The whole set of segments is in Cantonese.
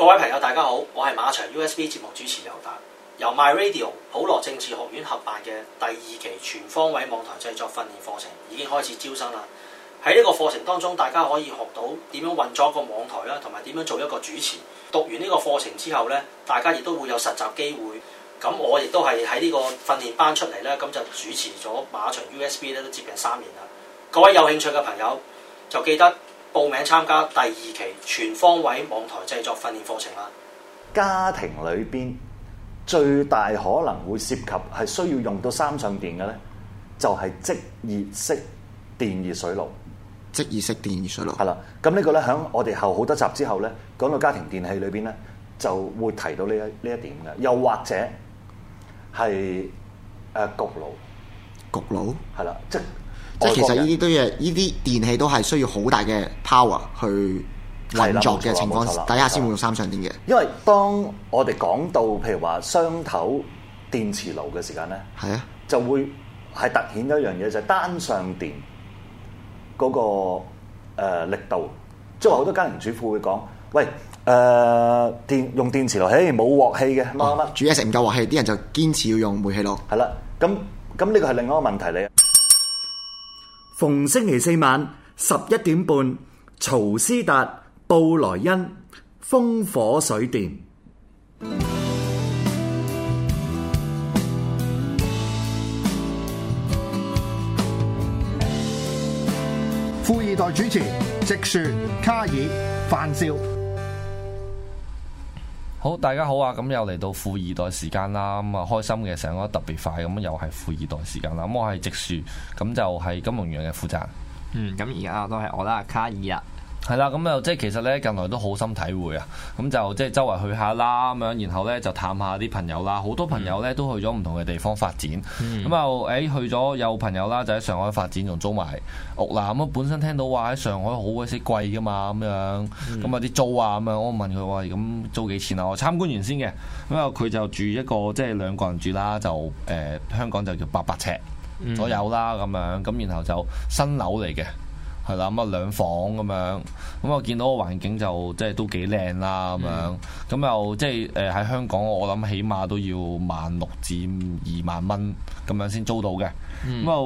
各位朋友，大家好，我係馬場 USB 節目主持遊達，由 My Radio 普羅政治學院合辦嘅第二期全方位網台製作訓練課程，已經開始招生啦。喺呢個課程當中，大家可以學到點樣運作一個網台啦，同埋點樣做一個主持。讀完呢個課程之後咧，大家亦都會有實習機會。咁我亦都係喺呢個訓練班出嚟咧，咁就主持咗馬場 USB 咧都接近三年啦。各位有興趣嘅朋友，就記得。報名參加第二期全方位網台製作訓練課程啦！家庭裏邊最大可能會涉及係需要用到三相電嘅咧，就係即熱式電熱水爐。即熱式電熱水爐係啦，咁呢、這個咧響我哋後好多集之後咧，講到家庭電器裏邊咧，就會提到呢一呢一點嘅，又或者係誒焗爐、焗爐係啦，即。即係其實呢啲都嘢，呢啲電器都係需要好大嘅 power 去運作嘅情況底下先會用三相電嘅。因為當我哋講到譬如話雙頭電磁爐嘅時間咧，係啊，就會係突顯一樣嘢，就係、是、單相電嗰、那個、呃、力度。即係話好多家庭主婦會講：喂，誒、呃、電用電磁爐，誒冇鑊氣嘅，煮嘢食唔夠鑊氣，啲人就堅持要用煤氣爐。係啦，咁咁呢個係另外一個問題嚟。逢星期四晚十一點半，曹斯達、布萊恩、風火水電，富二代主持：直樹、卡爾、范少。好，大家好啊！咁又嚟到富易袋時間啦，咁啊開心嘅，成個特別快，咁又係富易袋時間啦。我係直樹，咁就係、是、金融業嘅負責。嗯，咁而家都係我啦，卡爾啊。係啦，咁又即係其實咧近來都好深體會啊，咁就即係周圍去下啦咁樣，然後咧就探下啲朋友啦。好多朋友咧都去咗唔同嘅地方發展，咁又誒去咗有朋友啦，就喺上海發展，仲租埋屋嗱。咁啊本身聽到話喺上海好鬼死貴㗎嘛，咁樣咁啊啲租啊咁樣，我問佢話咁租幾錢啊？我參觀完先嘅，咁啊佢就住一個即係、就是、兩個人住啦，就誒、呃、香港就叫八百尺左右啦咁樣，咁、嗯、然後就新樓嚟嘅。係啦，咁啊兩房咁樣，咁我見到個環境就即係都幾靚啦咁樣，咁又即係誒喺香港，我諗起碼都要萬六至二萬蚊咁樣先租到嘅。咁、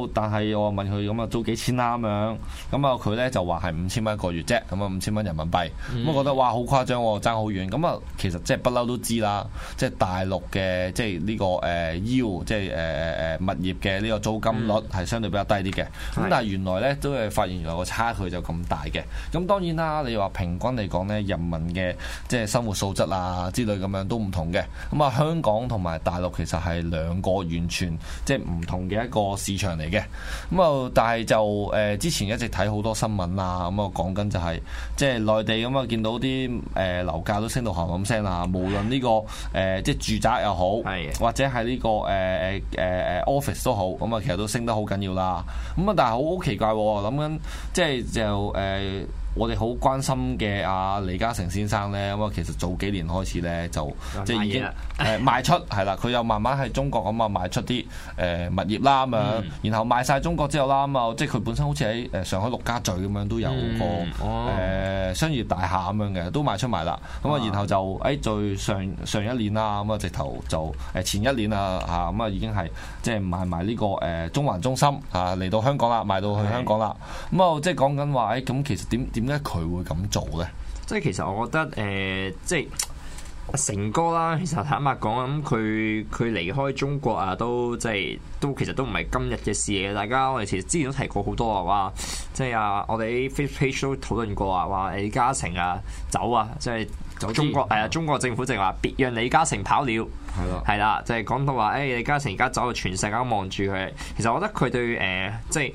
嗯、但係我問佢咁啊，租幾千啦？咁樣咁啊，佢、嗯、呢就話係五千蚊一個月啫。咁啊，五千蚊人民幣。咁、嗯、我覺得哇，好誇張喎，爭、哦、好遠。咁、嗯、啊，其實即係不嬲都知啦，即係大陸嘅即係呢個誒腰，即係誒、呢個呃呃、物業嘅呢個租金率係相對比較低啲嘅。咁、嗯、但係原來呢，都係發現原來個差距就咁大嘅。咁當然啦，你話平均嚟講呢，人民嘅即係生活素質啊之類咁樣都唔同嘅。咁、嗯、啊，香港同埋大陸其實係兩個完全即係唔同嘅一個市場嚟嘅咁啊，但係就誒、呃、之前一直睇好多新聞啊，咁啊講緊就係、是、即係內地咁啊，見到啲誒、呃、樓價都升到行咁聲啦，無論呢、這個誒、呃、即係住宅又好，是的 或者係呢、這個誒誒誒誒 office 都好，咁、嗯、啊其實都升得好緊要啦。咁、嗯、啊，但係好奇怪諗緊，即係就誒。呃我哋好關心嘅阿李嘉誠先生咧，咁啊其實早幾年開始咧就即係已經賣出係啦，佢又 慢慢喺中國咁啊賣出啲誒物業啦咁樣，嗯、然後賣晒中國之後啦咁啊，即係佢本身好似喺誒上海陸家嘴咁樣都有個誒商業大廈咁樣嘅，都賣出埋啦。咁啊、嗯，哦、然後就喺最、哎、上上一年啦，咁啊直頭就誒前一年啊嚇，咁啊已經係即係賣埋呢個誒中環中心嚇嚟、啊、到香港啦，賣到去香港啦。咁啊、嗯嗯嗯，即係講緊話誒，咁、哎、其實點點？點解佢會咁做嘅？即係其實我覺得誒、呃，即係成哥啦。其實坦白講，咁佢佢離開中國啊，都即係都其實都唔係今日嘅事嘅。大家我哋其實之前都提過好多啊，話即係啊，我哋 Facebook 都討論過、哎、啊，話李嘉誠啊走啊，即係之中國係的的中國政府淨話別讓李嘉誠跑了，係咯的，係啦的，就係、是、講到話誒、哎，李嘉誠而家走，全世界都望住佢。其實我覺得佢對誒、呃呃，即係。即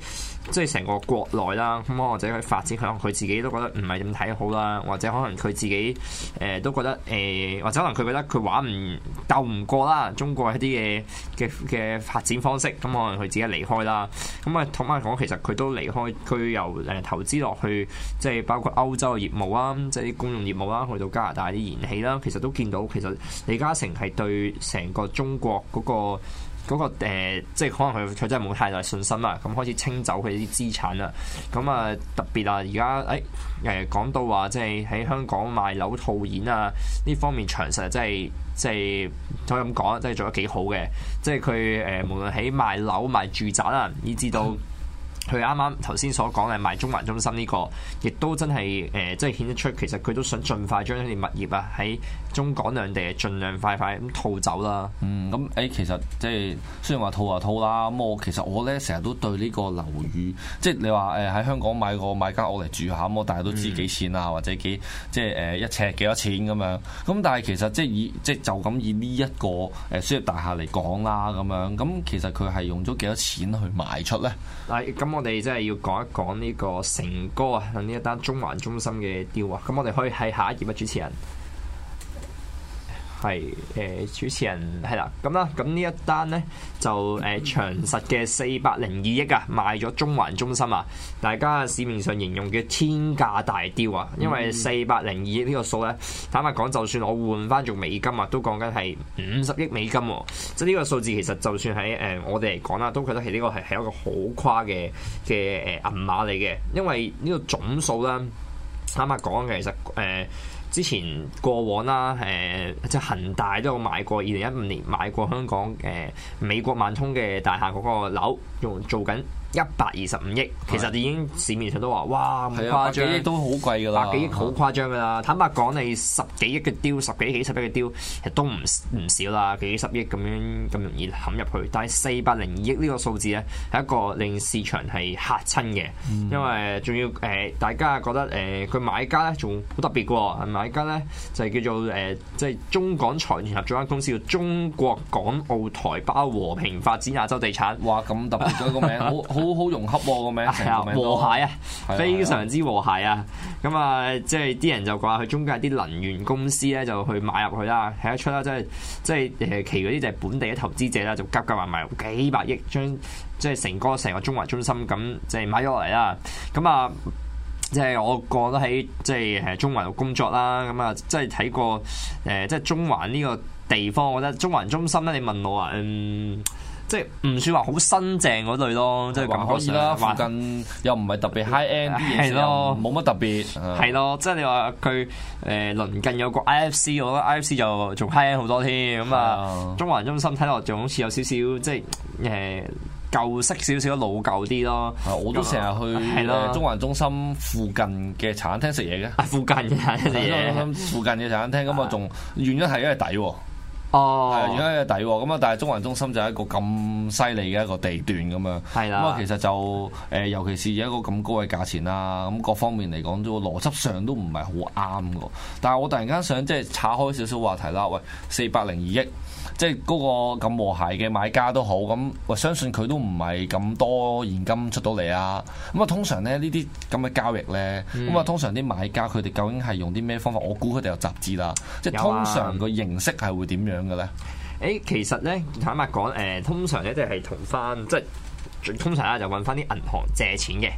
即係成個國內啦，咁或者佢發展可能佢自己都覺得唔係咁睇好啦，或者可能佢自己誒、呃、都覺得誒、呃，或者可能佢覺得佢玩唔鬥唔過啦，中國一啲嘅嘅嘅發展方式，咁可能佢自己離開啦。咁、嗯、啊，同埋講其實佢都離開，佢由誒投資落去，即係包括歐洲嘅業務啦，即係啲公用業務啦，去到加拿大啲燃氣啦，其實都見到其實李嘉誠係對成個中國嗰、那個。嗰個，呃，即係可能佢佢真係冇太大信心啦，咁開始清走佢啲資產啦。咁啊特別啊，而家誒誒講到話，即係喺香港賣樓套現啊，呢方面長實真係，即係可以咁講，真係做得幾好嘅。即係佢誒，無論喺賣樓賣住宅啊，以至到。佢啱啱頭先所講嘅賣中環中心呢、呢個，亦都真係誒，即、呃、係顯得出其實佢都想盡快將啲物業啊喺中港兩地盡量快快咁套走啦。嗯，咁誒其實即係雖然話套就套啦，咁我其實我咧成日都對呢個樓宇，即係你話誒喺香港買個買間屋嚟住下，咁我大家都知幾錢啊，嗯、或者幾即係誒一尺幾多錢咁樣。咁但係其實即係以即係就咁以呢一個誒商業大廈嚟講啦，咁樣咁其實佢係用咗幾多錢去賣出咧？係咁、哎、我。我哋真係要講一講呢個成哥啊，呢一單中環中心嘅 deal 啊，咁我哋可以喺下一頁啊，主持人。係誒、呃、主持人係啦，咁啦，咁呢一單呢，就誒長、呃、實嘅四百零二億啊，賣咗中環中心啊，大家市面上形容叫天價大雕啊，因為四百零二億呢個數呢，坦白講，就算我換返做美金啊，都講緊係五十億美金喎，啊，即係呢個數字其實就算喺誒、呃、我哋嚟講啦，都覺得係呢個係係一個好誇嘅嘅誒銀碼嚟嘅，因為呢個總數呢，坦白講其實誒。呃之前過往啦，誒即係恒大都有買過，二零一五年買過香港誒美國萬通嘅大廈嗰個樓，用做緊，一百二十五億，其實已經市面上都話：哇，咁誇張，都好貴㗎啦，百幾億好、啊、誇張㗎啦。坦白講，你十幾億嘅雕，十幾幾十億嘅雕，其實都唔唔少啦，幾十億咁樣咁容易冚入去。但係四百零二億呢個數字咧，係一個令市場係嚇親嘅，因為仲要誒、呃、大家覺得誒佢、呃、買家咧仲好特別嘅喎，買家咧就係、叫做誒即係中港財聯合咗間公司叫中國港澳台胞和平發展亞洲地產，哇！咁特別咗個名， 好好融合喎、啊、個名，和諧啊，非常之和諧啊！咁啊，即係啲人就話佢中間啲能源公司咧就去買入去啦，睇得出啦，即係即係誒其嗰啲就係本地嘅投資者啦，就急急埋埋幾百億將即係、就是、成個成個中環中心咁即係買咗落嚟啦。咁啊，即、就、係、是、我過得喺即係誒中環度工作啦。咁啊，即係睇過誒即係中環呢個地方，我覺得中環中心咧，你問我啊，嗯。即係唔算話好新淨嗰類咯，即係咁上下啦。附近又唔係特別 high end 啲嘢，係咯，冇乜特別。係咯，即係你話佢誒鄰近有個 IFC，我覺得 IFC 就仲 high end 好多添。咁啊，中環中心睇落仲好似有少少即係誒舊式少少，老舊啲咯。我都成日去中環中心附近嘅茶餐廳食嘢嘅。附近嘅餐廳，附近嘅茶餐廳咁啊，仲原因係因為抵喎。哦，係啊，oh.，而家有底咁啊，但係中環中心就係一個咁犀利嘅一個地段咁樣。係啦的，咁啊，其實就誒，尤其是而家一個咁高嘅價錢啦，咁各方面嚟講都邏輯上都唔係好啱嘅。但係我突然間想即係岔開少少話題啦，喂，四百零二億。即係嗰個咁和諧嘅買家都好，咁我相信佢都唔係咁多現金出到嚟啊！咁啊，通常咧呢啲咁嘅交易咧，咁啊、嗯，通常啲買家佢哋究竟係用啲咩方法？我估佢哋有集資啦，即係通常個形式係會點樣嘅咧？誒、啊欸，其實咧，坦白講，誒，通常咧都係同翻，即係通常啦，就揾翻啲銀行借錢嘅，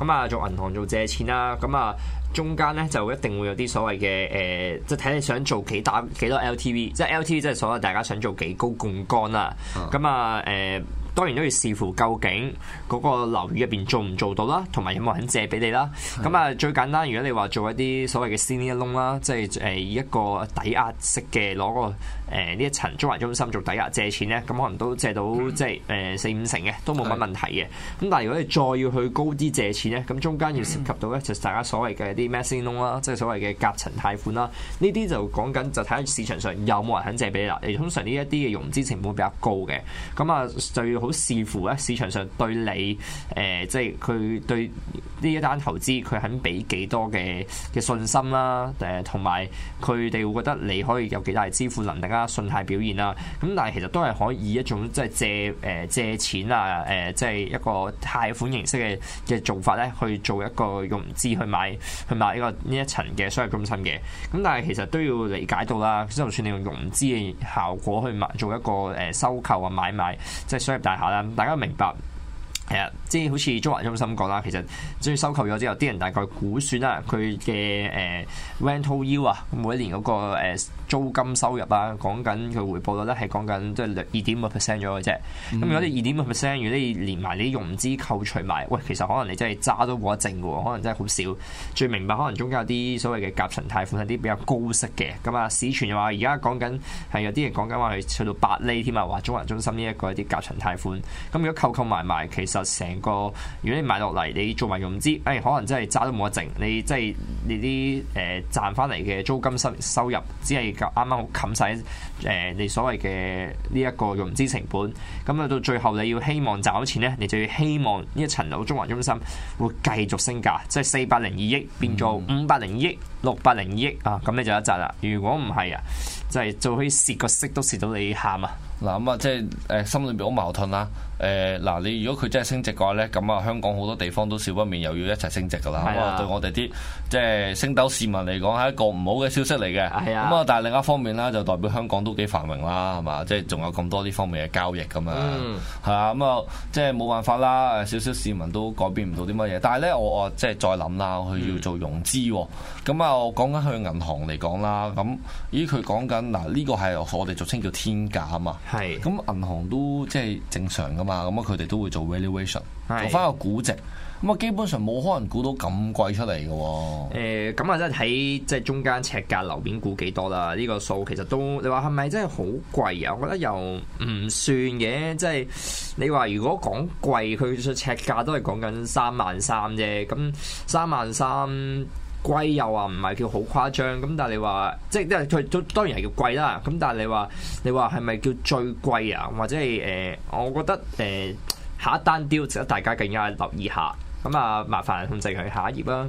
咁啊，做銀行做借錢啦，咁、嗯、啊。中間咧就一定會有啲所謂嘅誒，即係睇你想做幾大幾多 LTV，即係 LTV 即係所謂大家想做幾高槓桿啦。咁啊誒、啊呃，當然都要視乎究竟嗰個樓宇入邊做唔做到啦，同埋有冇人借俾你啦。咁是的 啊最簡單，如果你話做一啲所謂嘅 senior loan 啦，即係誒以一個抵押式嘅攞個。誒呢一層中環中心做抵押借錢咧，咁可能都借到即係誒、呃、四五成嘅，都冇乜問題嘅。咁但係如果你再要去高啲借錢咧，咁中間要涉及到咧，就係、大家所謂嘅啲 mezzanine loan 啦，即係所謂嘅夾層貸款啦。呢啲就講緊就睇下市場上有冇人肯借俾你。而通常呢一啲嘅融資成本比較高嘅，咁啊最好視乎咧市場上對你誒、呃，即係佢對呢一單投資佢肯俾幾多嘅嘅信心啦。誒同埋佢哋會覺得你可以有幾大支付能力。啊，信貸表現啦，咁但係其實都係可以一種即係借誒、呃、借錢啊，誒、呃、即係一個貸款形式嘅嘅做法咧，去做一個融資去買去買呢個呢一層嘅商業中心嘅，咁但係其實都要理解到啦，即係就算你用融資嘅效果去買做一個誒收購啊買賣，即係商業大廈啦，大家明白係啊，即係好似中環中心講啦，其實即係收購咗之後，啲人大概估算啦，佢嘅誒 rental yield 啊，每一年嗰、那個、呃租金收入啊，講緊佢回報率咧係講緊即係兩二點五 percent 咗嘅啫。咁如果你二點五 percent，如果你連埋你融資扣除埋，喂，其實可能你真係揸都冇得剩嘅喎，可能真係好少。最明白可能中間有啲所謂嘅夾層貸款，有啲比較高息嘅，咁啊市傳話而家講緊係有啲人講緊話去去到八厘添啊，話中環中心呢一個一啲夾層貸款。咁、啊、如果扣扣埋埋，其實成個如果你買落嚟你做埋融資，誒、哎、可能真係揸都冇得剩，你即係、就是、你啲誒、呃、賺翻嚟嘅租金收收入只係。啱啱好冚晒誒你所謂嘅呢一個融資成本，咁、嗯、去到最後你要希望找錢咧，你就要希望呢一層樓中環中心會繼續升價，即係四百零二億變做五百零二億。六百零億啊，咁你就一集啦。如果唔係啊，就係做起蝕個息都蝕到你喊啊！嗱咁啊，即係誒、呃、心裏面好矛盾啦。誒、呃、嗱，你如果佢真係升值嘅話咧，咁啊香港好多地方都少不免又要一齊升值噶啦。咁啊，對我哋啲、啊、即係、啊、星斗市民嚟講係一個唔好嘅消息嚟嘅。咁啊，但係另一方面啦，就代表香港都幾繁榮啦，係嘛？即係仲有咁多呢方面嘅交易咁啊。係、嗯、啊。咁啊，即係冇辦法啦。少少市民都改變唔到啲乜嘢，但係咧，我我即係再諗啦，我去要做融資咁啊。我講緊去銀行嚟講啦，咁依佢講緊嗱，呢個係我哋俗稱叫天價啊嘛。係是，咁銀行都即係正常㗎嘛，咁啊佢哋都會做 valuation，是做返個估值。咁啊基本上冇可能估到咁貴出嚟嘅喎。誒，咁啊即係喺即係中間尺價樓面估幾多啦？呢、這個數其實都你話係咪真係好貴啊？我覺得又唔算嘅，即、就、係、是、你話如果講貴，佢尺價都係講緊三萬三啫，咁三萬三。貴又話唔係叫好誇張，咁但係你話，即係都係佢都當然係叫貴啦。咁但係你話，你話係咪叫最貴啊？或者係誒、呃，我覺得誒、呃、下一單 deal 值得大家更加留意下。咁啊，麻煩控制佢下一頁啦。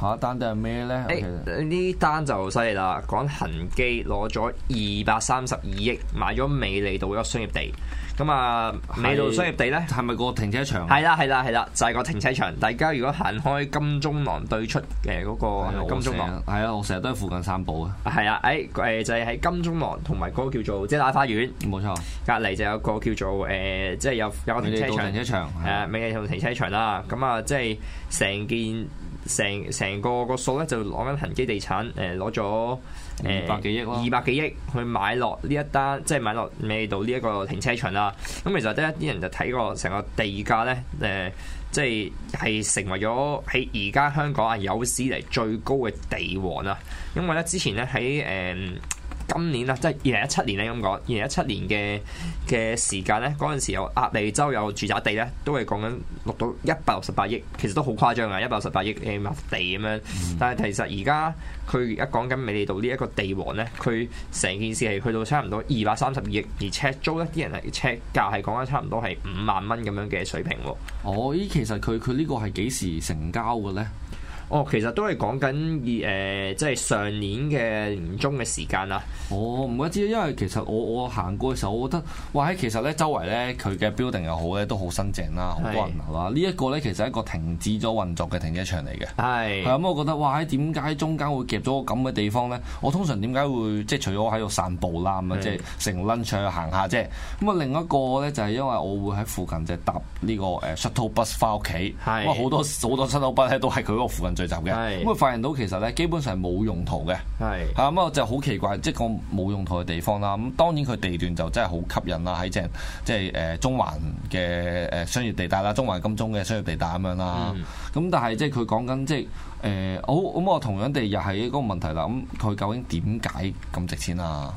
下一單都係咩咧？誒，呢單就犀利啦！講恒基攞咗二百三十二億買咗美利道嘅商業地，咁啊，美利道商業地咧，係咪個停車場啊？係啦，係啦，係啦，就係、是、個停車場。大家如果行開金鐘廊對出嘅嗰、那個金鐘廊，係啊、哎，我成日都喺附近散步嘅。係啊，誒誒，就係、是、喺金鐘廊同埋嗰個叫做遮打、就是、花園，冇沒錯，隔離就有個叫做誒，即、呃、係、就是、有有個停車場，係啊，美利道停車場啦。咁啊，即係成件。成成個個數咧，就攞緊恒基地產誒，攞咗二百幾億、呃、二百幾億去買落呢一單，即係買落未到呢一個停車場啦。咁其實咧，一啲人就睇過成個地價咧誒、呃，即係係成為咗喺而家香港啊有史嚟最高嘅地王啦。因為咧，之前咧喺誒。呃今年啦，即係二零一七年咧咁講，二零一七年嘅嘅時間咧，嗰陣時有鴨脷洲有住宅地咧，都係講緊錄到一百六十八億，其實都好誇張嘅，一百六十八億嘅地咁樣。嗯、但係其實而家佢而家講緊美利道呢一個地王咧，佢成件事係去到差唔多二百三十億，而尺租一啲人係尺價係講緊差唔多係五萬蚊咁樣嘅水平喎。哦，咦，其實佢佢呢個係幾時成交嘅咧？哦，其實都係講緊誒，即、呃、係、就是、上年嘅年中嘅時間啦、哦。我唔怪知，因為其實我我行過嘅時候，我覺得，哇！喺其實咧周圍咧，佢嘅 building 又好咧，都好新淨啦，好多人係嘛？呢一是、啊這個咧，其實一個停止咗運作嘅停車場嚟嘅。係是、嗯。咁、嗯，我覺得，哇、嗯！點解中間會夾咗個咁嘅地方咧？我通常點解會即係除咗我喺度散步啦，咁啊即係成 lunch 去行下啫。咁啊，另外一個咧就係因為我會喺附近就搭呢個誒 shuttle bus 翻屋企，因為好是 多好 多 shuttle bus 咧都喺佢嗰個附近。是 嗯嗯聚集嘅，咁啊、嗯嗯、發現到其實咧，基本上係冇用途嘅，嚇咁啊就好奇怪，即係個冇用途嘅地方啦。咁當然佢地段就真係好吸引啦，喺正即係誒中環嘅誒商業地帶啦，中環金鐘嘅商業地帶咁樣啦。咁、嗯嗯、但係即係佢講緊即係誒好，咁、呃、我、哦嗯、同樣地又係一個問題啦。咁佢究竟點解咁值錢啊？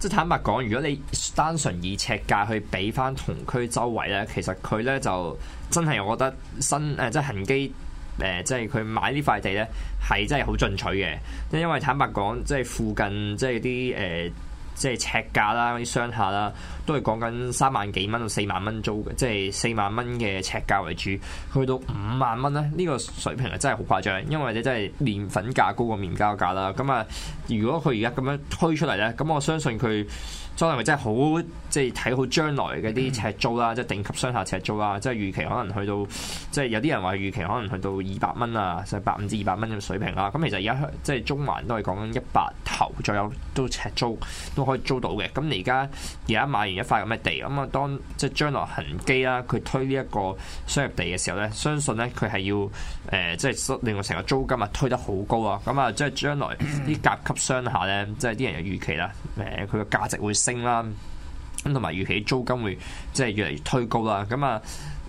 即係坦白講，如果你單純以尺價去比翻同區周圍咧，其實佢咧就真係我覺得新誒即係恆基。誒，即係佢買呢塊地咧，係真係好進取嘅。因為坦白講，即係附近即係啲誒，即係尺價啦、啲商廈啦，都係講緊三萬幾蚊到四萬蚊租嘅，即係四萬蚊嘅尺價為主。去到五萬蚊咧，呢個水平係真係好誇張，因為你真係麵粉價高過麵膠價啦。咁啊，如果佢而家咁樣推出嚟咧，咁我相信佢。所以咪真係好，即係睇好將來嗰啲尺租啦，即係頂級商下尺租啦，即係預期可能去到，即係有啲人話預期可能去到二百蚊啊，成百五至二百蚊咁水平啦。咁其實而家即係中環都係講緊一百頭左右都尺租都可以租到嘅。咁你而家而家買完一塊咁嘅地，咁啊當即係將來恒基啦，佢推呢一個商業地嘅時候咧，相信咧佢係要誒、呃、即係令到成個租金啊推得好高啊。咁啊，即係將來啲甲級商下咧，即係啲人嘅預期啦，誒佢個價值會升啦，咁同埋預期租金會即係越嚟越推高啦，咁啊。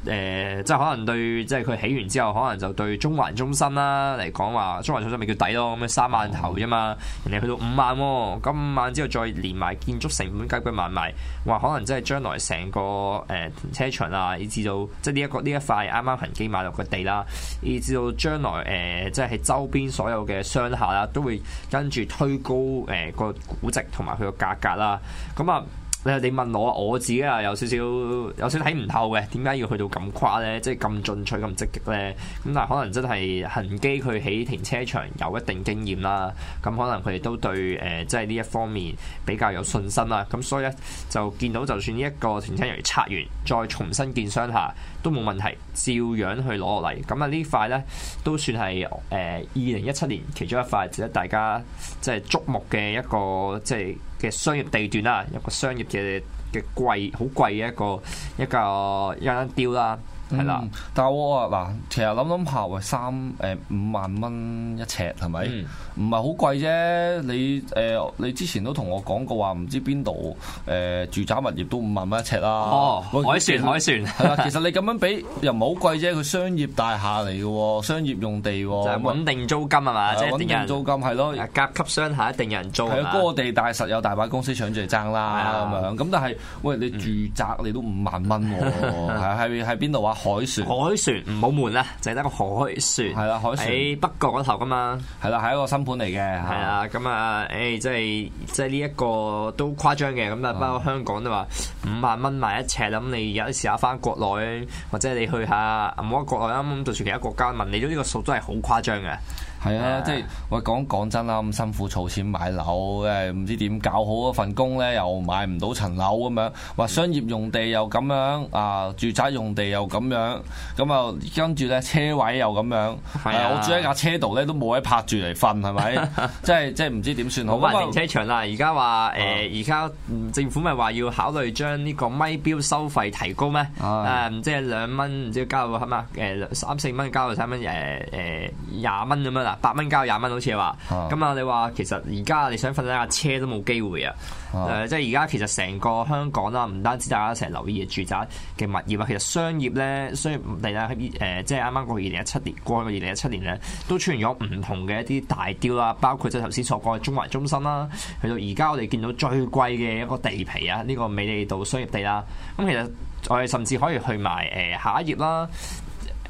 誒、呃，即係可能對，即係佢起完之後，可能就對中環中心啦嚟講話，中環中心咪叫底咯，咁樣三萬頭啫嘛，人哋去到五萬喎、哦，咁五萬之後再連埋建築成本加骨埋埋，話可能真係將來成個誒停、呃、車場啊，以至到即係呢一個呢一塊啱啱恒基買落個地啦，以至到將來誒、呃，即係喺周邊所有嘅商戶啦，都會跟住推高誒個、呃、估值同埋佢個價格啦，咁啊～你你問我我自己啊有少少有少睇唔透嘅，點解要去到咁誇咧？即係咁進取、咁積極咧？咁但係可能真係恆基佢起停車場有一定經驗啦，咁可能佢哋都對誒、呃、即係呢一方面比較有信心啦。咁所以咧就見到就算呢一個停車場拆完再重新建商下都冇問題，照樣去攞落嚟。咁啊呢塊咧都算係誒二零一七年其中一塊值得大家即係矚目嘅一個即係，嘅商業地段啦，一個商業嘅嘅貴好貴嘅一個一個一間雕啦。係啦，但係我啊嗱，其實諗諗下，喂，三誒五萬蚊一尺係咪，唔係好貴啫。你誒你之前都同我講過話，唔知邊度誒住宅物業都五萬蚊一尺啦。哦，海船海船其實你咁樣比又唔係好貴啫。佢商業大廈嚟嘅喎，商業用地喎，穩定租金係嘛？即係穩定租金係咯。甲級商廈一定有人租。係啊，高地大實有大把公司搶住嚟爭啦咁樣。咁但係喂，你住宅你都五萬蚊喎。係喺邊度啊？海船，海船，海船唔好悶啦，就係得個海船。係啦，海船喺北角嗰頭噶嘛。係啦，係一個新盤嚟嘅。係啊，咁啊，誒、哎，即係即係呢一個都誇張嘅。咁啊、嗯，包括香港都話五萬蚊買一尺。咁你有啲時候翻國內，或者你去下唔好話國內，啱啱就算其他國家問你數，都呢個數都係好誇張嘅。係啊，即係話講講真啦，咁辛苦儲錢買樓，誒，唔知點搞好嗰份工咧，又買唔到層樓咁樣，話商業用地又咁樣啊，住宅用地又咁樣，咁啊跟住咧車位又咁樣，係我住喺架車度咧都冇位泊住嚟瞓係咪？即係即係唔知點算好啊？好吧是停車場啦，而家話誒，而、呃、家政府咪話要考慮將呢個咪錶收費提高咩？啊，即係兩蚊，唔、就是、知要交個係嘛？誒，三四蚊交到三蚊，多、呃，誒廿蚊咁樣啦。八蚊交廿蚊好似係話，咁啊你話其實而家你想瞓一架車都冇機會啊！誒、嗯呃，即係而家其實成個香港啦，唔單止大家成日留意嘅住宅嘅物業啊，其實商業咧商業地咧誒、呃，即係啱啱過去二零一七年，過去二零一七年咧都出現咗唔同嘅一啲大刁啦，包括即係頭先所講嘅中環中心啦，去到而家我哋見到最貴嘅一個地皮啊，呢、這個美利道商業地啦。咁、嗯、其實我哋甚至可以去埋誒、呃、下一頁啦，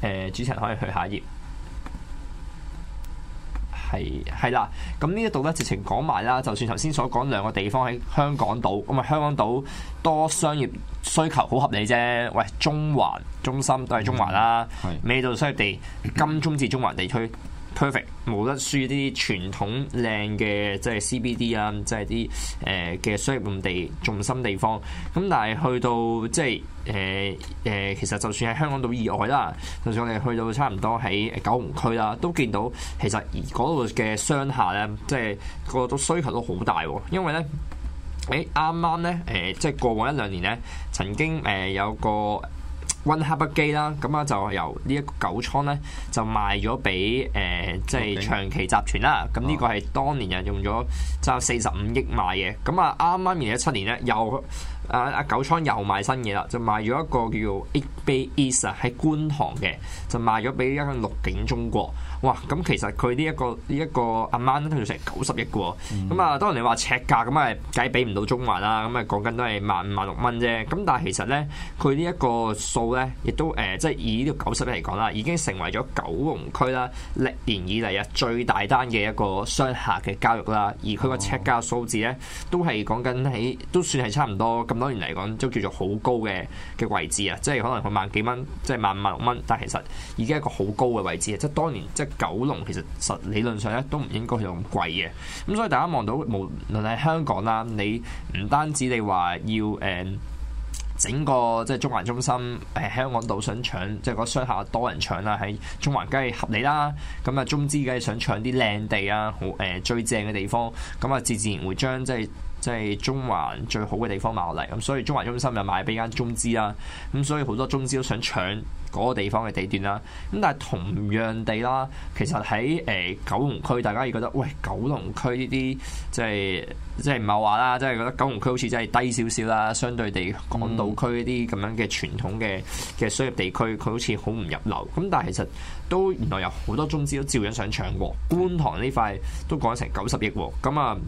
誒、呃、主持人可以去下一頁。係係啦，咁呢一度咧直情講埋啦，就算頭先所講兩個地方喺香港島，咁、嗯、啊香港島多商業需求好合理啫。喂，中環中心都係中環啦，未到、嗯、商業地金鐘至中環地區。Perfect 冇得輸啲傳統靚嘅，即係 CBD 啊，即係啲誒嘅商業用地重心地方。咁但係去到即係誒誒，其實就算喺香港島以外啦，就算我哋去到差唔多喺九龍區啦，都見到其實嗰度嘅商廈咧，即係個都需求都好大喎。因為咧，喺啱啱咧誒，即係過往一兩年咧，曾經誒、呃、有個。溫客不機啦，咁啊就由呢一個九倉咧就賣咗俾誒，即、呃、係、就是、長期集團啦。咁呢 Okay. 個係當年人、啊、用咗揸四十五億買嘅。咁啊啱啱二零一七年咧，又阿阿、啊、九倉又賣新嘢啦，就賣咗一個叫做、e、8 Bay East 喺觀塘嘅，就賣咗俾一個綠景中國。哇！咁、嗯、其實佢呢一個呢一、這個 amount 都要成九十億嘅喎，咁、嗯、啊當，當然你話呎價咁啊，梗係俾唔到中環啦，咁啊講緊都係萬五萬六蚊啫。咁但係其實咧，佢呢一個數咧，亦都誒、呃、即係以呢個九十億嚟講啦，已經成為咗九龍區啦歷年以嚟啊最大單嘅一個商客嘅交易啦。而佢個呎價數字咧，都係講緊喺都算係差唔多咁多年嚟講都叫做好高嘅嘅位置啊！即係可能佢萬幾蚊，即係萬五萬六蚊，但係其實已經係一個好高嘅位置啊！即係當年即九龍其實實理論上咧都唔應該係咁貴嘅，咁所以大家望到無論係香港啦，你唔單止你話要誒整個即係中環中心誒香港度想搶，即係個商廈多人搶啦，喺中環梗係合理啦，咁啊中資梗係想搶啲靚地啊，好誒最正嘅地方，咁啊自自然會將即係。即係中環最好嘅地方買落嚟，咁、嗯、所以中環中心又買俾間中資啦，咁、嗯、所以好多中資都想搶嗰個地方嘅地段啦。咁、嗯、但係同樣地啦，其實喺誒、呃、九龍區，大家亦覺得喂九龍區呢啲即係即係唔係話啦，即係覺得九龍區好似真係低少少啦，相對地港島區呢啲咁樣嘅傳統嘅嘅商業地區，佢好似好唔入流。咁、嗯、但係其實都原來有好多中資都照樣想搶過觀塘呢塊都，都講成九十億喎，咁、嗯、啊～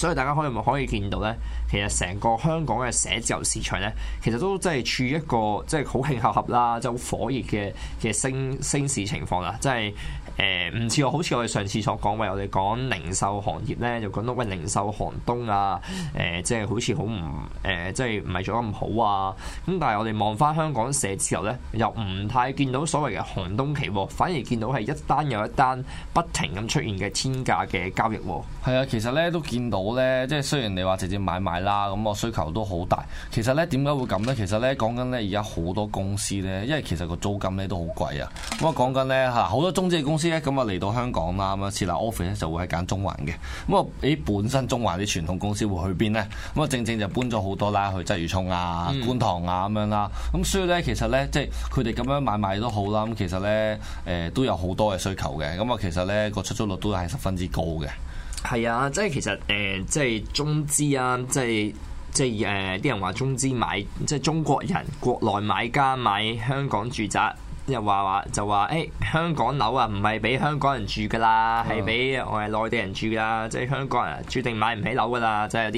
所以大家可唔可以見到呢？其實成個香港嘅寫字樓市場咧，其實都真係處於一個即係好慶合合啦，即係好火熱嘅嘅升升市情況啦。即係誒，唔、呃、似我好似我哋上次所講話，我哋講零售行業咧，就講到喂零售寒冬啊。誒、呃，即係好似好唔誒，即係唔係做得咁好啊。咁但係我哋望翻香港寫字樓咧，又唔太見到所謂嘅寒冬期喎、啊，反而見到係一單又一單不停咁出現嘅天價嘅交易喎。係啊，其實咧都見到咧，即係雖然你話直接買買。啦，咁我、嗯、需求都好大。其實咧，點解會咁咧？其實咧，講緊咧，而家好多公司咧，因為其實個租金咧都好貴啊。咁、嗯、啊，講緊咧嚇好多中資公司咧，咁啊嚟到香港啦咁樣設立 office 咧，就會喺揀中環嘅。咁啊，啲本身中環啲傳統公司會去邊咧？咁啊，正正就搬咗好多啦去鰂魚涌啊、觀塘啊咁樣啦。咁所以咧，其實咧，即係佢哋咁樣買賣都好啦。咁其實咧，誒都有好多嘅需求嘅。咁、嗯、啊，其實咧個出租率都係十分之高嘅。係啊，即係其實誒、呃，即係中資啊，即係即係誒，啲、呃、人話中資買，即係中國人國內買家買香港住宅。又話話就話，誒、欸、香港樓啊，唔係俾香港人住噶啦，係俾我係內地人住噶，即係香港人啊，注定買唔起樓噶啦，即係有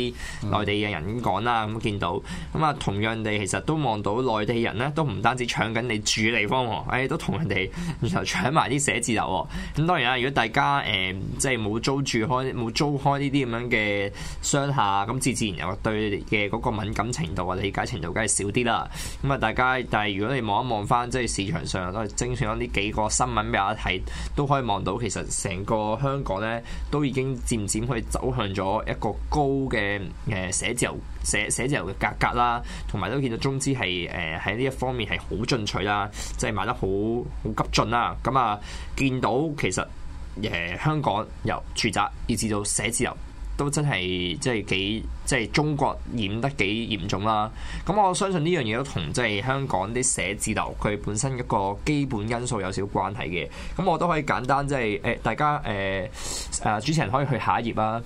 啲內地嘅人咁講啦，咁見到咁啊，嗯、同樣地其實都望到內地人咧，都唔單止搶緊你住嘅地方，誒、欸、都同人哋然後搶埋啲寫字樓。咁、嗯、當然啊，如果大家誒、呃、即係冇租住開冇租開呢啲咁樣嘅商廈，咁自自然又對你嘅嗰個敏感程度啊、理解程度梗係少啲啦。咁、嗯、啊，大家但係如果你望一望翻即係市場上。都係精選咗呢幾個新聞俾大家睇，都可以望到其實成個香港咧都已經漸漸去走向咗一個高嘅誒寫字樓、寫寫字樓嘅價格啦，同埋都見到中資係誒喺呢一方面係好進取啦，即係買得好好急進啦。咁啊，見到其實誒、呃、香港由住宅以至到寫字樓。都真係即係幾即係中國染得幾嚴重啦！咁我相信呢樣嘢都同即係香港啲寫字樓佢本身一個基本因素有少少關係嘅。咁我都可以簡單即係誒大家誒啊、呃、主持人可以去下一頁啦、啊。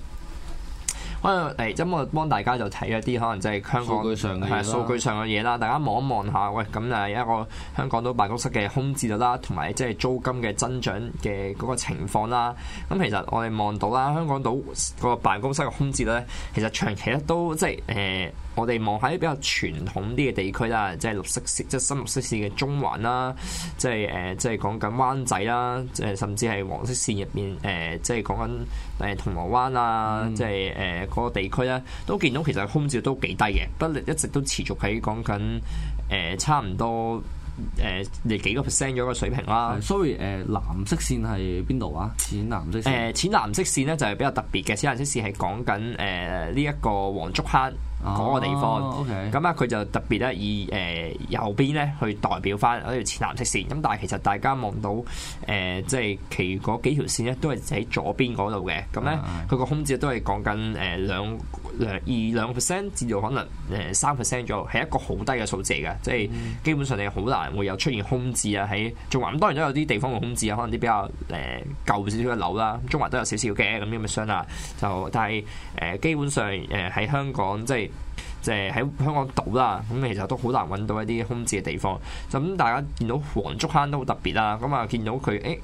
啊！誒，咁我幫大家就睇一啲可能即係香港上嘅係數據上嘅嘢啦，大家望一望下，喂，咁就係一個香港島辦公室嘅空置率啦，同埋即係租金嘅增長嘅嗰個情況啦。咁其實我哋望到啦，香港島個辦公室嘅空置率咧，其實長期咧都即係誒、呃，我哋望喺比較傳統啲嘅地區啦，即係綠色即係深綠色線嘅中環啦，即係誒，即、呃、係、就是、講緊灣仔啦，誒，甚至係黃色線入邊誒，即、呃、係、就是、講緊。誒銅鑼灣啊，即係誒嗰個地區咧，都見到其實空置都幾低嘅，不力一直都持續喺講緊誒差唔多誒嚟、呃、幾個 percent 咗個水平啦、啊。所以誒藍色線係邊度啊？淺藍色線誒淺藍色線咧就係比較特別嘅，淺藍色線係講緊誒呢一、就是呃這個黃竹坑。嗰個地方，咁啊佢就特別咧以誒、呃、右邊咧去代表翻嗰條淺藍色線，咁但係其實大家望到誒即係其餘幾條線咧都係喺左邊嗰度嘅，咁咧佢個空置都係講緊誒兩兩二兩 percent 至到可能誒三 percent 左右，係一個好低嘅數字嘅，即係基本上你好難會有出現空置啊喺中環，當然都有啲地方嘅空置啊，可能啲比較誒舊少少嘅樓啦，中環都有少少嘅咁樣嘅商啊，就但係誒、呃、基本上誒喺香港即係。即係喺香港島啦，咁其實都好難揾到一啲空置嘅地方。咁大家見到黃竹坑都好特別啦，咁啊見到佢誒、欸，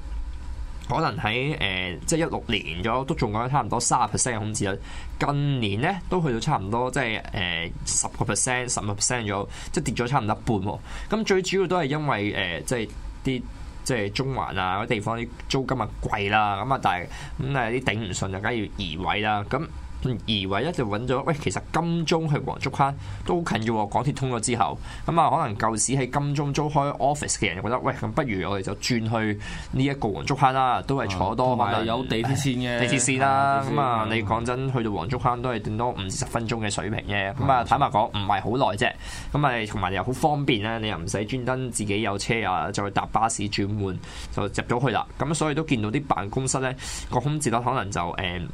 可能喺誒、呃、即係一六年咗，都仲講差唔多卅 percent 空置率。近年咧都去到差唔多即係誒十個 percent、十個 percent 咗，即係、呃、跌咗差唔多一半。咁最主要都係因為誒、呃、即係啲即係中環啊嗰啲地方啲租金啊貴啦，咁啊但係咁啊啲頂唔順就梗要移位啦，咁。而唯一就揾咗，喂，其實金鐘去黃竹坑都好近嘅喎，港鐵通咗之後，咁、嗯、啊，可能舊時喺金鐘租開 office 嘅人就覺得，喂，咁不如我哋就轉去呢一個黃竹坑啦，都係坐多，有，有地鐵線嘅地鐵線啦，咁啊、嗯，你講真，去到黃竹坑都係最多五十分鐘嘅水平嘅。咁、嗯、啊，嗯、坦白講唔係好耐啫，咁啊，同埋又好方便咧，你又唔使專登自己有車啊，再搭巴士轉換就入咗去啦，咁所以都見到啲辦公室咧、嗰個空置率可能就誒。嗯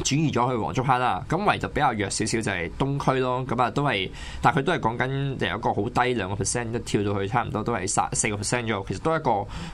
轉移咗去黃竹坑啦，咁維就比較弱少少，就係東區咯。咁啊，都係，但佢都係講緊有一個好低兩個 percent，一跳到去差唔多都係三四個 percent 咗，其實都係一個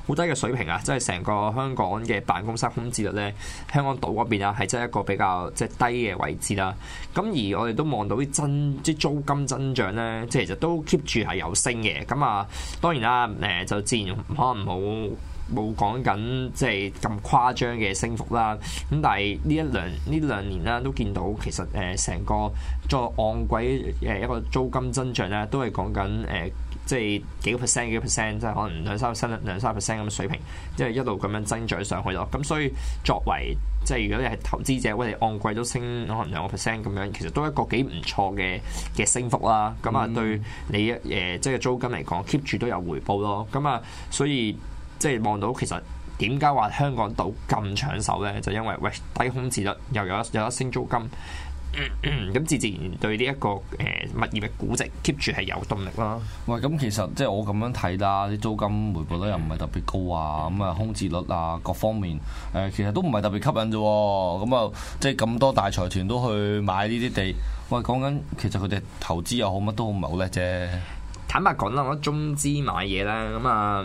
好低嘅水平啊！即係成個香港嘅辦公室空置率咧，香港島嗰邊啊，係真係一個比較即係、就是、低嘅位置啦。咁而我哋都望到啲增即租金增長咧，即係其實都 keep 住係有升嘅。咁啊，當然啦，誒就自然可能唔好。冇講緊即係咁誇張嘅升幅啦，咁但係呢一兩呢兩年啦，都見到其實誒成、呃、個在按季誒一個租金增長咧，都係講緊誒即係幾個 percent 幾個 percent，即係可能兩三個兩 per 三 percent 咁嘅水平，即係一路咁樣增長上去咯。咁所以作為即係如果你係投資者，或者按季都升可能兩個 percent 咁樣，其實都係一個幾唔錯嘅嘅升幅啦。咁啊對你誒、呃、即係租金嚟講，keep 住都有回報咯。咁啊所以。即係望到其實點解話香港島咁搶手呢？就因為喂，低空置率又有有得升租金，咁自自然對呢、這、一個誒、呃、物業嘅估值 keep 住係有動力啦。喂，咁其實即係我咁樣睇啦，啲租金回報率又唔係特別高啊，咁啊、嗯、空置率啊各方面誒、呃，其實都唔係特別吸引啫。咁啊，就即係咁多大財團都去買呢啲地，喂，講緊其實佢哋投資又好，乜都好唔係好叻啫。坦白講啦，我覺得中資買嘢啦，咁、嗯、啊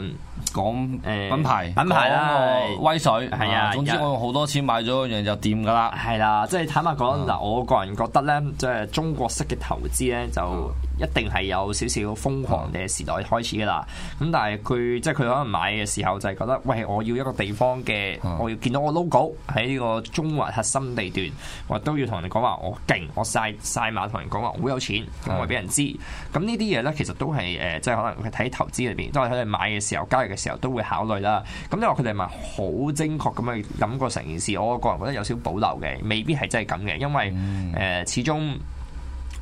講誒品牌、嗯、品牌啦，威水係啊，的總之我用好多錢買咗樣就掂噶啦，係啦，即係坦白講嗱，的我個人覺得咧，即係中國式嘅投資咧就。一定係有少少瘋狂嘅時代開始噶啦，咁但係佢即係佢可能買嘅時候就係覺得，喂，我要一個地方嘅，嗯、我要見到我 logo 喺呢個中環核心地段，我都要同人講話我勁，我晒晒馬同人講話好有錢，咁話俾人知。咁呢啲嘢呢，其實都係誒、呃，即係可能佢睇投資裏邊，都係喺佢買嘅時候、交易嘅時候都會考慮啦。咁你話佢哋咪好精確咁去諗過成件事？我個人覺得有少保留嘅，未必係真係咁嘅，因為誒、嗯呃、始終。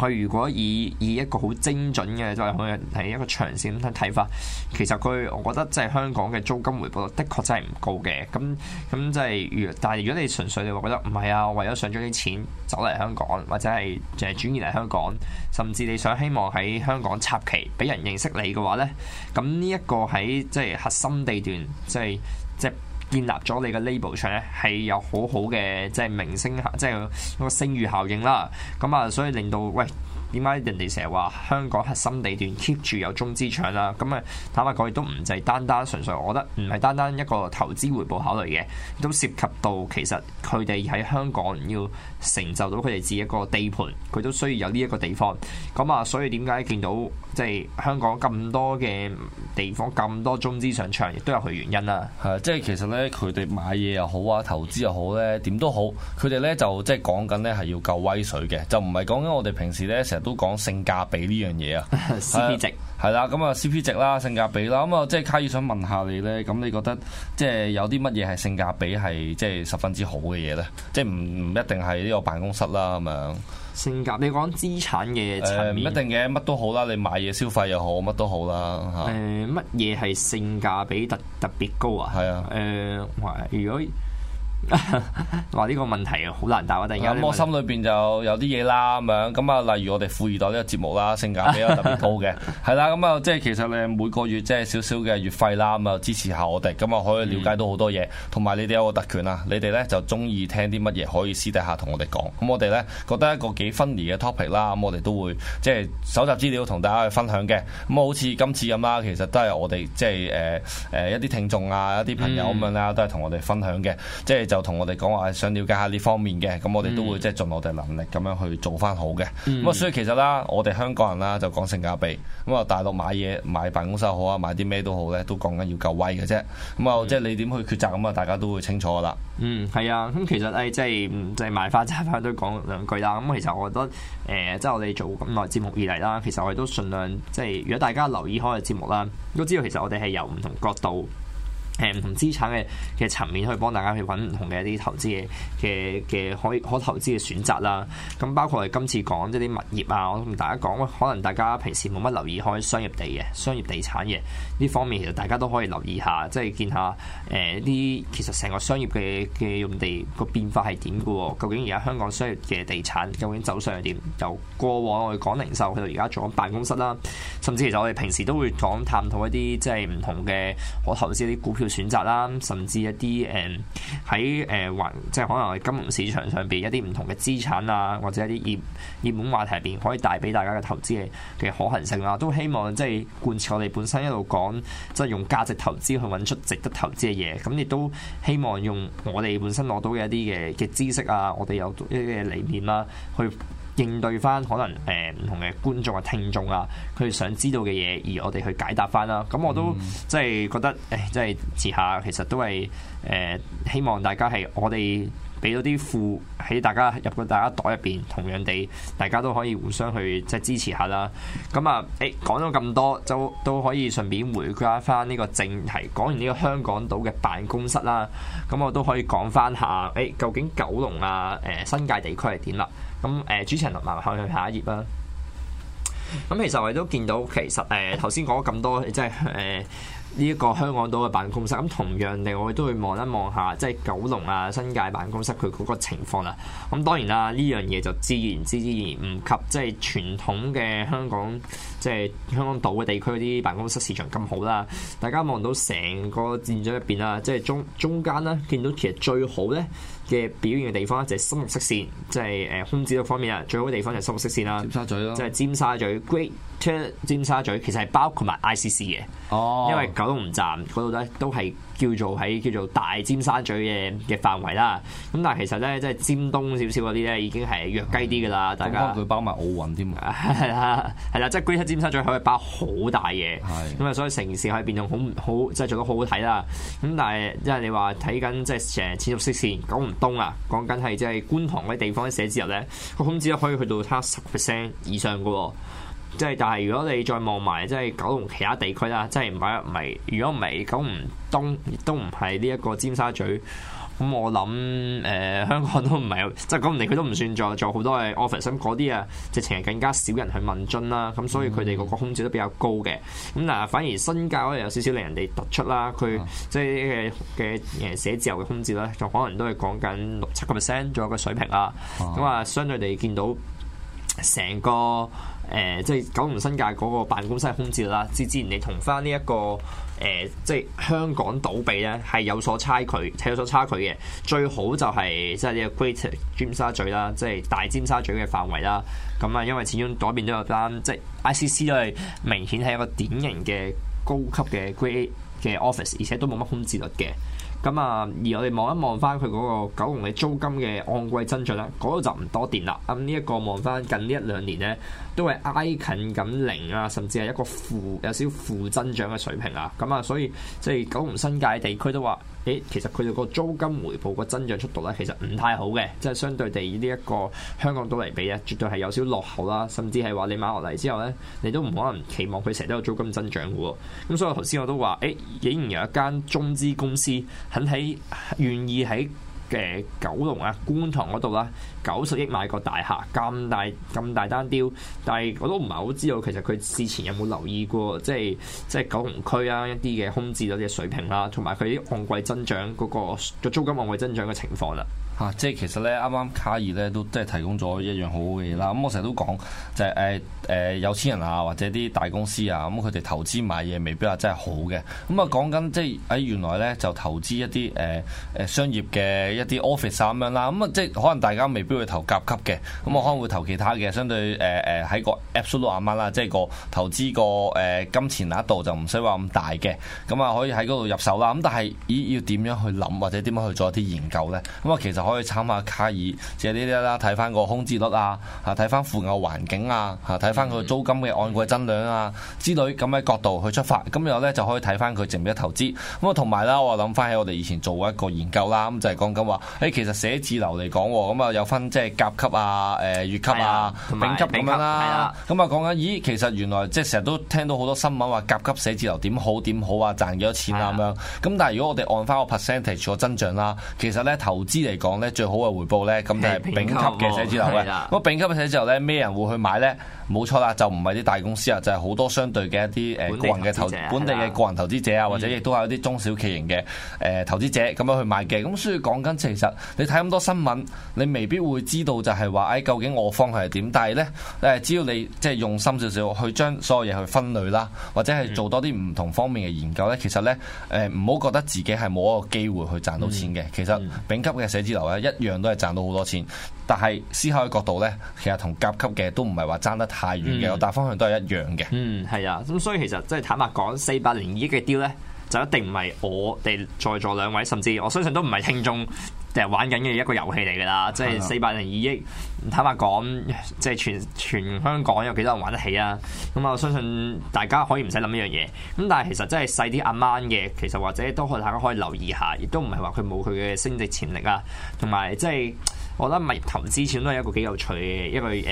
佢如果以以一個好精準嘅，就係佢係一個長線咁睇法，其實佢我覺得即係香港嘅租金回報率的確真係唔高嘅。咁咁即係，但係如果你純粹你話覺得唔係啊，為咗想將啲錢走嚟香港，或者係就係轉移嚟香港，甚至你想希望喺香港插旗俾人認識你嘅話咧，咁呢一個喺即係核心地段，即係即。即係建立咗你嘅 label 出嚟，係有好好嘅即係明星，即係個聲譽效應啦。咁啊，所以令到喂。點解人哋成日話香港核心地段 keep 住有中資搶啦？咁啊，坦白講亦都唔止係單單純粹，我覺得唔係單單一個投資回報考慮嘅，亦都涉及到其實佢哋喺香港要成就到佢哋自己一個地盤，佢都需要有呢一個地方。咁啊，所以點解見到即係香港咁多嘅地方咁多中資想搶，亦都有佢原因啦。係即係其實咧，佢哋買嘢又好啊，投資又好咧，點都好，佢哋咧就即係講緊咧係要夠威水嘅，就唔係講緊我哋平時咧成都講性價比呢樣嘢啊，CP 值係啦，咁 啊， 啊就 CP 值啦，性價比啦，咁啊即係卡爾想問下你咧，咁你覺得即係有啲乜嘢係性價比係即係十分之好嘅嘢咧？即係唔唔一定係呢個辦公室啦咁樣。性價你講資產嘅層面、呃。一定嘅，乜都好啦，你買嘢消費又好，乜都好啦嚇。誒乜嘢係性價比特特別高啊？係啊、呃，誒如果。 哇！呢、呢個問題啊，好難答啊！但係、嗯、我心裏邊就有啲嘢啦，咁樣咁啊，例如我哋富二代呢個節目啦，性價比又特別高嘅，係啦， 咁啊，即係其實你每個月即係少少嘅月費啦，咁啊支持下我哋，咁啊可以了解到好多嘢，同埋你哋有個特權啊，你哋咧就中意聽啲乜嘢，可以私底下同我哋講，咁我哋咧覺得一個幾新奇嘅 topic 啦，咁我哋都會即係搜集資料同大家去分享嘅，咁啊好似今次咁啊，其實都係我哋即係誒誒一啲聽眾啊，一啲朋友咁樣啦，都係同我哋分享嘅，嗯、即係。就同我哋講話，想了解下呢方面嘅，咁我哋都會即係盡我哋能力咁樣去做翻好嘅。咁啊，所以其實啦，我哋香港人啦，就講性價比。咁啊，大陸買嘢買辦公室好啊，買啲咩都好咧，都講緊要夠威嘅啫。咁啊，即係你點去抉擇，咁啊，大家都會清楚啦。Mm. 嗯，係啊。咁其實誒、就是，即係即係買花，即係都講兩句啦。咁其實我覺得誒，即、呃、係、就是、我哋做咁耐節目以嚟啦，其實我哋都盡量即係、就是，如果大家留意開嘅節目啦，都知道其實我哋係由唔同角度。誒唔同資產嘅嘅層面去幫大家去揾唔同嘅一啲投資嘅嘅嘅可可投資嘅選擇啦。咁包括我哋今次講一啲物業啊，我同大家講，可能大家平時冇乜留意開商業地嘅商業地產嘅呢方面，其實大家都可以留意下，即係見下誒啲、呃、其實成個商業嘅嘅用地個變化係點嘅喎？究竟而家香港商業嘅地產究竟走上係點？由過往我哋講零售，去到而家做緊辦公室啦，甚至其實我哋平時都會講探討一啲即係唔同嘅可投資啲股票。選擇啦，甚至一啲誒喺誒環，即係可能喺金融市場上邊一啲唔同嘅資產啊，或者一啲熱熱門話題入邊，可以帶俾大家嘅投資嘅嘅可行性啊，都希望即係貫徹我哋本身一路講，即係用價值投資去搵出值得投資嘅嘢。咁亦都希望用我哋本身攞到嘅一啲嘅嘅知識啊，我哋有一啲嘅理念啦，啊，去，應對翻可能誒唔同嘅觀眾啊、聽眾啊，佢哋想知道嘅嘢，而我哋去解答翻啦。咁我都即係覺得，誒，即係遲下其實都係誒、呃，希望大家係我哋。俾咗啲庫喺大家入個大家袋入邊，同樣地，大家都可以互相去即係支持下啦。咁、嗯、啊，誒講咗咁多，就都可以順便回歸翻呢個正題。講完呢個香港島嘅辦公室啦，咁、嗯、我都可以講翻下，誒、嗯、究竟九龍啊、誒新界地區係點啦？咁誒，主持人落埋去下一頁啦。咁、嗯、其實我哋都見到，其實誒頭先講咗咁多，即係誒。呃呢一個香港島嘅辦公室，咁同樣地我哋都會望一望下，即係九龍啊、新界辦公室佢嗰個情況啦。咁當然啦，呢樣嘢就自然、之自然唔及即係傳統嘅香港，即係香港島嘅地區嗰啲辦公室市場咁好啦。大家望到成個戰場入邊啦，即係中中間咧，見到其實最好咧。嘅表現嘅地方就係深綠色線，即係誒空置嗰方面啊，最好嘅地方就係深綠色線啦。尖沙咀咯，即係尖沙咀 Great，Turn 尖沙咀其實係包括埋 ICC 嘅，oh. 因為九龍站嗰度咧都係。叫做喺叫做大尖沙咀嘅嘅範圍啦，咁但係其實咧，即係尖東少少嗰啲咧，已經係弱雞啲噶啦，對大家。佢包埋奧運添。係啦， 係啦，即係 Great 尖沙咀可以包好大嘢，咁啊對，所以城市可以變到好好，即係做得好好睇啦。咁但係，即係你話睇緊即係誒淺綠色線，九唔東啊，講緊係即係觀塘嗰啲地方寫字入咧，個空置咧可以去到差十 percent 以上噶喎。即係，但係如果你再望埋，即係九龍其他地區啦，即係唔係唔係。如果唔係九龍東，亦都唔係呢一個尖沙咀咁，我諗誒、呃、香港都唔係，即係講唔定佢都唔算在在好多係 office 咁嗰啲啊，直情係更加少人去問津啦。咁所以佢哋個空置都比較高嘅咁嗱，反而新界可能有少少令人哋突出啦。佢即係嘅嘅誒寫字樓嘅空置咧，就可能都係講緊六七個 percent 左右嘅水平啦。咁啊，相對地見到成個。誒、呃，即係九龍新界嗰個辦公室空置率啦，之自然你同翻呢一個誒、呃，即係香港島比咧係有所差距，有有所差距嘅，最好就係即係呢個 Greater 尖沙咀啦，即係大尖沙咀嘅範圍啦。咁、嗯、啊，因為始終嗰邊都有間即係 ICC 都係明顯係一個典型嘅高級嘅 Grade 嘅 office，而且都冇乜空置率嘅。咁啊，而我哋望一望翻佢嗰個九龍嘅租金嘅按季增長啦，嗰、那、度、個、就唔多掂啦。咁呢一個望翻近呢一兩年咧，都係挨近咁零啊，甚至係一個負有少少負增長嘅水平啊。咁啊，所以即係、就是、九龍新界地區都話。誒，其實佢哋個租金回報個增長速度咧，其實唔太好嘅，即係相對地呢一個香港島嚟比咧，絕對係有少少落後啦，甚至係話你買落嚟之後咧，你都唔可能期望佢成日都有租金增長嘅喎。咁所以頭先我都話，誒、欸，仍然有一間中資公司肯喺願意喺。嘅九龍啊，觀塘嗰度啦，九十億買個大廈，咁大咁大單雕，但係我都唔係好知道其實佢事前有冇留意過，即係即係九龍區啊一啲嘅空置嗰啲水平啦、啊，同埋佢啲按季增長嗰、嗰個租金按季增長嘅情況啦、啊。啊、即係其實咧，啱啱卡爾咧都即係提供咗一樣好好嘅嘢啦。咁、嗯、我成日都講就係誒誒有錢人啊，或者啲大公司啊，咁佢哋投資買嘢未必話真係好嘅。咁、嗯、啊講緊即係喺原來咧就投資一啲誒誒商業嘅一啲 office 咁樣啦。咁、嗯、啊即係可能大家未必會投甲級嘅，咁、嗯、我可能會投其他嘅，相對誒誒喺個 absolute amount 啦，即係個投資個誒金錢額度就唔使話咁大嘅，咁、嗯、啊、嗯、可以喺嗰度入手啦。咁、嗯、但係咦要點樣去諗或者點樣去做一啲研究咧？咁、嗯、啊其實可以炒下卡爾，即係呢啲啦。睇翻個空置率啊，吓睇翻負牛環境啊，吓睇翻佢租金嘅按季增量啊之類咁嘅、mm hmm. 角度去出發，咁然後咧就可以睇翻佢值唔值得投資。咁啊，同埋啦，我諗翻起我哋以前做一個研究啦，咁就係講緊話，誒其實寫字樓嚟講，咁啊有分即係甲級啊、誒乙級啊、丙級咁樣啦。咁啊講緊，咦，其實原來即係成日都聽到好多新聞話甲級寫字樓點好點好啊，賺幾多錢啊咁樣。咁但係如果我哋按翻個 percentage 個增長啦，其實咧投資嚟講，最好嘅回報呢，咁就係丙級嘅寫字樓咧。咁丙的級嘅寫字樓呢，咩人會去買呢？冇錯啦，就唔係啲大公司啊，就係、是、好多相對嘅一啲誒個人嘅投本地嘅個人投資者啊，的或者亦都係一啲中小企型嘅誒投資者咁樣去買嘅。咁所以講緊，其實你睇咁多新聞，你未必會知道就係話誒究竟我方向係點。但係呢，只要你即係用心少少去將所有嘢去分類啦，或者係做多啲唔同方面嘅研究呢，嗯、其實呢，誒唔好覺得自己係冇一個機會去賺到錢嘅。其實丙級嘅寫字樓，一樣都係賺到好多錢，但係思考嘅角度呢，其實同甲級嘅都唔係話差得太遠嘅，但、嗯、方向都係一樣嘅。嗯，係啊，咁所以其實即係坦白講，四百零二億嘅 deal 呢，就一定唔係我哋在座兩位，甚至我相信都唔係聽眾。就係玩緊嘅一個遊戲嚟㗎啦，即係四百零二億，坦白講即係全全香港有幾多人玩得起啊？咁啊，我相信大家可以唔使諗呢樣嘢。咁但係其實真係細啲阿媽嘅，其實或者都可以大家可以留意下，亦都唔係話佢冇佢嘅升值潛力啊，同埋即係。我覺得物業投資錢都係一個幾有趣嘅一個誒誒、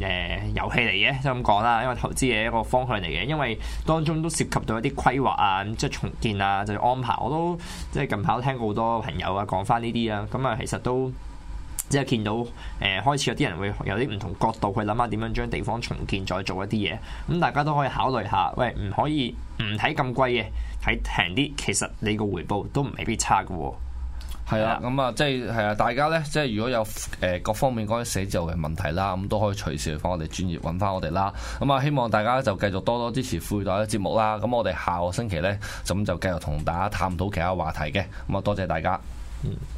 呃呃、遊戲嚟嘅，即係咁講啦。因為投資嘅一個方向嚟嘅，因為當中都涉及到一啲規劃啊，即係重建啊，就要安排。我都即係近排聽好多朋友啊講返呢啲啊，咁啊其實都即係見到誒、呃、開始有啲人會有啲唔同角度去諗下點樣將地方重建再做一啲嘢。咁大家都可以考慮下，喂，唔可以唔睇咁貴嘅，睇平啲，其實你個回報都唔未必差嘅喎、啊。係啦，咁啊，即係係啊，大家呢，即係如果有誒各方面嗰啲寫作嘅問題啦，咁都可以隨時嚟翻我哋專業揾翻我哋啦。咁 啊樂，希望大家就繼續多多支持富易袋嘅節目啦。咁我哋下個星期呢，咁就繼續同大家探討其他話題嘅。咁 啊樂，多謝大家。